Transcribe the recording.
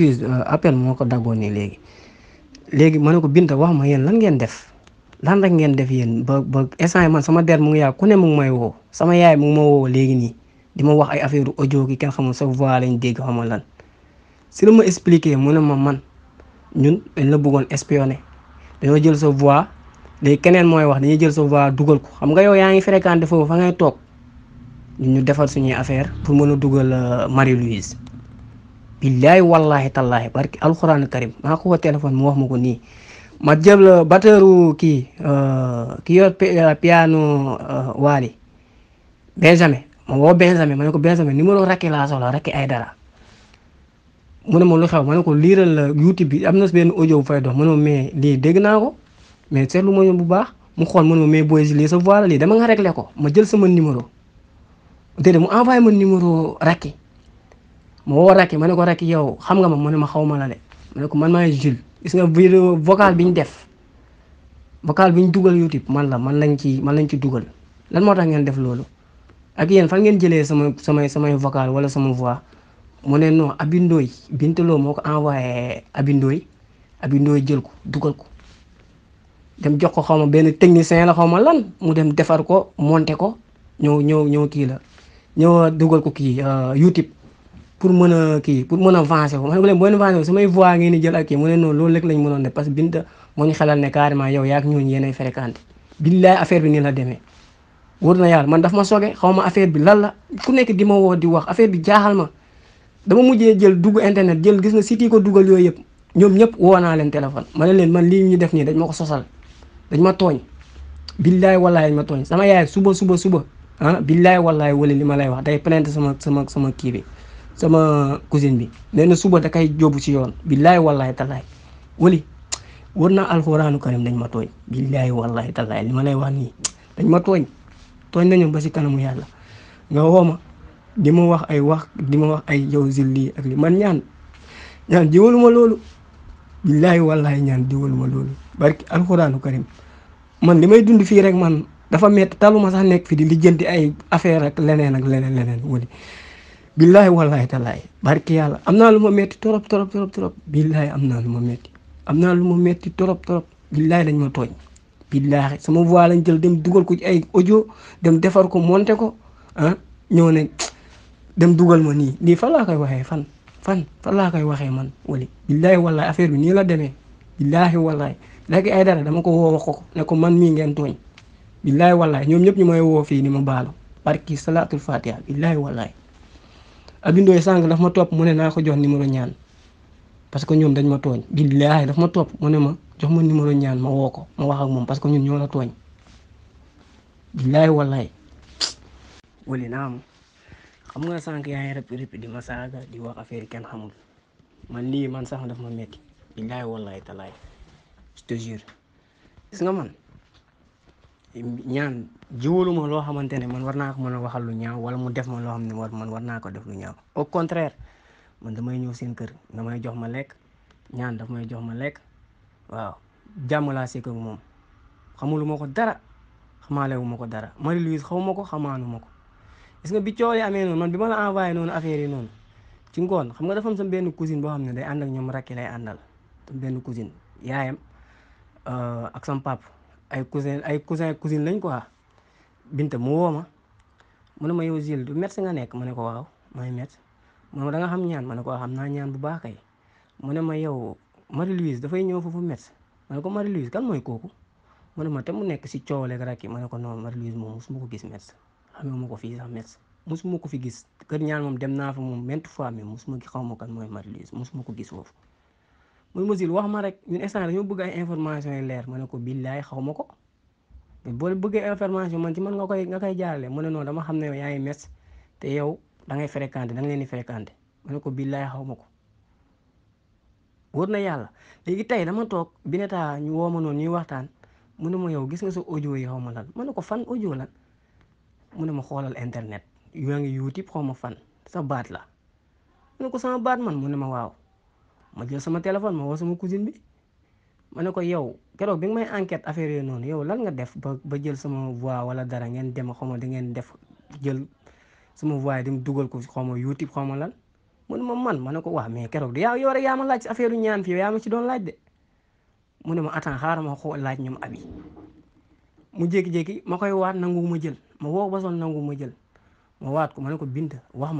excuse euh, appel moo ko daggoon nii léegi léegi ma ne ko Binta wax ma yéen lan ngeen def lan rek ngeen def yéen ba ba instant man sama der mu ngi yaa ku ne mu ngi may woo sama yaay mu ngi ma woo léegi nii di ma wax ay affaire audio ki kenn xamul sa voix lañ dégg xamul lan si la ma expliqué mu ne ma man ñun dañ la buggoon espionné dañoo jël sa voix léegi keneen mooy wax dañuy jël sa voix dugal ko xam nga yow yaa ngi fréquenté foofu fa ngay toog ñu defar suñuy affaire pour mën a dugal euh, billaay wallahi tallahi barki alxuraan karim maa ko woo téléphone mu ma ko nii ma jël euh, batteru kii euh, ki yor piano euh, waali benjamin ma woo benjamin ma ne ko benjamin rakki laa soxla rakki ay dara mu ne ma lu xew ma ne ko liiral la youtube bi am na benn audio bu fay dox mu ne ma mais lii dégg naa ko mais seetlu ma yoon bu baax mu xool ma mais booy si lii sa voix la lii dama ko ma jël sama numéro déedéet mu envoyé ma numéro rakki ma woo Racky ma ne ko Racky yow xam nga ma mu ne ma xaw ma la ne ma ne ko man maay Jules gis nga vidéo vocal bi ñu def vocal bi ñu dugal YouTube man la man lañ ci man lañ ci dugal lan moo tax ngeen def loolu ak yéen fan ngeen jëlee sama samay samay vocal wala sama voix mu ne non abindooy Ndoye Bintaloo moo ko envoyé Abi abindooy Abi jël ko dugal ko dem jox ko xaw ma benn technicien la xaw ma lan mu dem defar ko monter ko ñëw ñëw ñëw kii la ñëw dugal ko kii euh, YouTube pour mën a kii pour mën a vance wu ma ne ko leen boo leen jël ak kii mu ne noonu loolu rek lañ ne carrément yow yaa ak ñooñu yéenay fréquenté billaay bi nii la demee na yàlla man daf ma soge xaw ma affaire bi lan la ku nekk di ma woo di wax affaire bi jaaxal ma dama mujjee jël dugg internet jël gis nga site yi ko dugal yooyu yëpp ñoom ñëpp woo naa leen téléphone ma ne leen man lii ñu def nii dañ ma ko sosal dañ ma tooñ billaay wallaay ma tooñ sama yaay suba suba suba ah billaay wallaay wala li ma lay wax day plainte sama sama sama kii bi sama cousine bi nee na suba da kay jóobu si yoon billaay wallaay tallaay wali war na alxuraanu karim dañ ma tooñ billaay wallaay tallaay li ma lay wax nii dañ ma tooñ tooñ nañu ba si kanamu yàlla nga woo ma di ma wax ay wax di ma wax ay yow si lii ak li man ñaan ñaan jiwalu ma loolu billaay wallaay ñaan jiwalu ma loolu barki alxuraanu karim man li may dund fii rek man dafa métti taluma sax nekk fi di lijjanti ay affaire ak leneen ak leneen leneen wali billahi wallahi talaay barki yàlla am naa lu ma metti trop trop trop trop billahi am naa lu ma metti am naa lu ma metti trop trop billahi dañ ma tooñ billahi sama voix lañ jël dem dugal ko ci ay audio dem defar ko monter ko ah ñëw ne dem dugal ma nii lii fan laa koy waxee fan fan fan laa koy waxee man wali billahi wallahi affaire bi nii la demee billahi wallahi léegi ay dara dama ko woo wax ko ne ko man mii ngeen tooñ billahi wallahi ñoom ñëpp ñu may woo fii ni ma baalu barki salaatul fatiha billahi wallahi abindooy sànq daf ma topp mu ne naa ko jox numéro ñaan parce que ñoom dañ ma tooñ billaahi daf ma topp mu ne ma jox ma numéro ñaan ma woo ko ma wax ak moom parce que ñun ñoo la tooñ billaahi wallaay wali naam xam nga sànq yaa ngi rëpp di ma saaga di wax affaire yi kenn xamul man lii man sax daf ma metti billaahi wallaay talaay je nga man ñaan jiwuluma ma loo xamante ne man war naa ko mën a waxal lu ñaaw wala mu def ma loo xam ne war man war naa ko def lu ñaaw au contraire man damay ñëw seen kër damay jox ma lekk ñaan daf may jox ma lekk waaw jàmm laa sekkal moom xamulu ko dara xamaalewu ma ko dara Marie Louise xaw ma ko xamaanu ko gis nga bi coow yi amee noonu man bi ma la envoyé noonu affaire yi noonu ci ngoon xam nga dafa am sam benn cousine boo xam day ànd ak ñoom rakki lay àndal benn cousine yaayam euh, ak sam papa ay cousin ay cousin cousine lañ quoi Binta mu woo ma mu ne ma yow Gilles du médecin nga nekk ma ne ko waaw may médecin mu ne ma da nga xam ñaan ma ne ko xam naa ñaan bu baax kay mu ne ma yow Marie-Louise dafay ñëw foofu médecin ma ne ko marie kan mooy kooku mu ne ma te mu nekk si coowaleeg rakk yi ma ne ko non Marie-Louise moom mosuma ko gis médecin xamee ma ko fii sax médecin mosuma ko fi gis kër ñaan moom dem naa fa moom maintes fois mais mosuma xaw ma kan mooy Marie-Louise mosuma ko gis foofu. mun Moussil wax ma rek ñun instant dañu bëgg ay information yu leer mané ko billahi xaw ma ko boo bëggee information man ci man nga koy nga koy jaarale mu ne noonu dama xam ne yow yaa ngi mes te yow da ngay fréquenté da nga leen di fréquenté ma ne ko billahi xaw ko wóor na yàlla léegi tey dama toog bi ne taa ñu woo ma noonu ñuy waxtaan mu ne ma yow gis nga sa audio yi xaw ma lan ma ne ko fan audio lan mu ne ma xoolal internet yu ngi youtube xaw ma fan sa baat la ma ne ko sama baat man mu ne ma waaw ma jël sama téléphone ma woo sama cousine bi ma ne ko yow keroog bi nga may enquête affaire yooyu noonu yow lan nga def ba ba jël sama voix wala dara ngeen dem xaw ma da ngeen def jël sama voix yi dem dugal ko xaw ma youtube xaw ma lan mu ne ma man ma ne ko waaw mais keroog de yaa yow ma laaj si affaire ñaan fii yaa ma ci doon laaj de mu ne ma attends xaaral ma xool laaj ñoom abi mu jékki-jékki ma koy waat nangu ma jël ma woo ba sonn nangu ma jël ma waat ko ma ne ko bind wax ma.